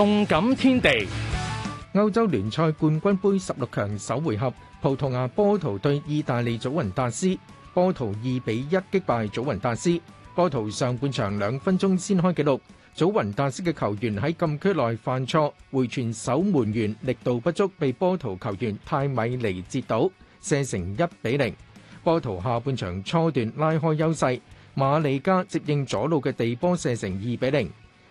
動感天地，歐洲聯賽冠軍盃十六強首回合，葡萄牙波圖對意大利祖雲達斯，波圖二比一擊敗祖雲達斯。波圖上半場兩分鐘先開紀錄，祖雲達斯嘅球員喺禁區內犯錯，回傳守門員力度不足，被波圖球員泰米尼截到，射成一比零。波圖下半場初段拉開優勢，馬利加接應左路嘅地波射成二比零。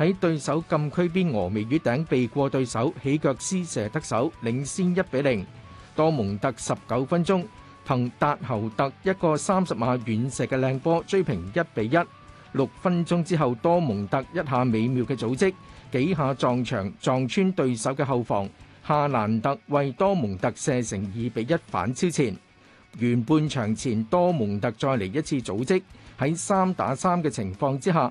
喺對手禁區邊峨眉魚頂避過對手起腳施射得手，領先一比零。多蒙特十九分鐘，憑達侯特一個三十碼遠射嘅靚波追平一比一。六分鐘之後，多蒙特一下美妙嘅組織，幾下撞牆撞穿對手嘅後防，夏蘭特為多蒙特射成二比一反超前。完半場前，多蒙特再嚟一次組織，喺三打三嘅情況之下。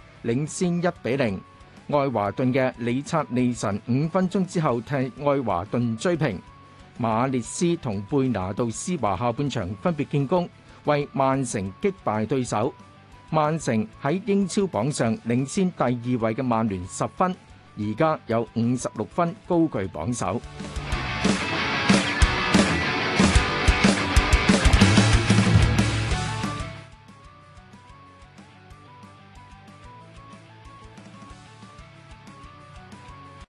領先一比零，愛華頓嘅里察利臣五分鐘之後踢愛華頓追平，馬列斯同貝拿度斯華下半場分別建功，為曼城擊敗對手。曼城喺英超榜上領先第二位嘅曼聯十分，而家有五十六分高居榜首。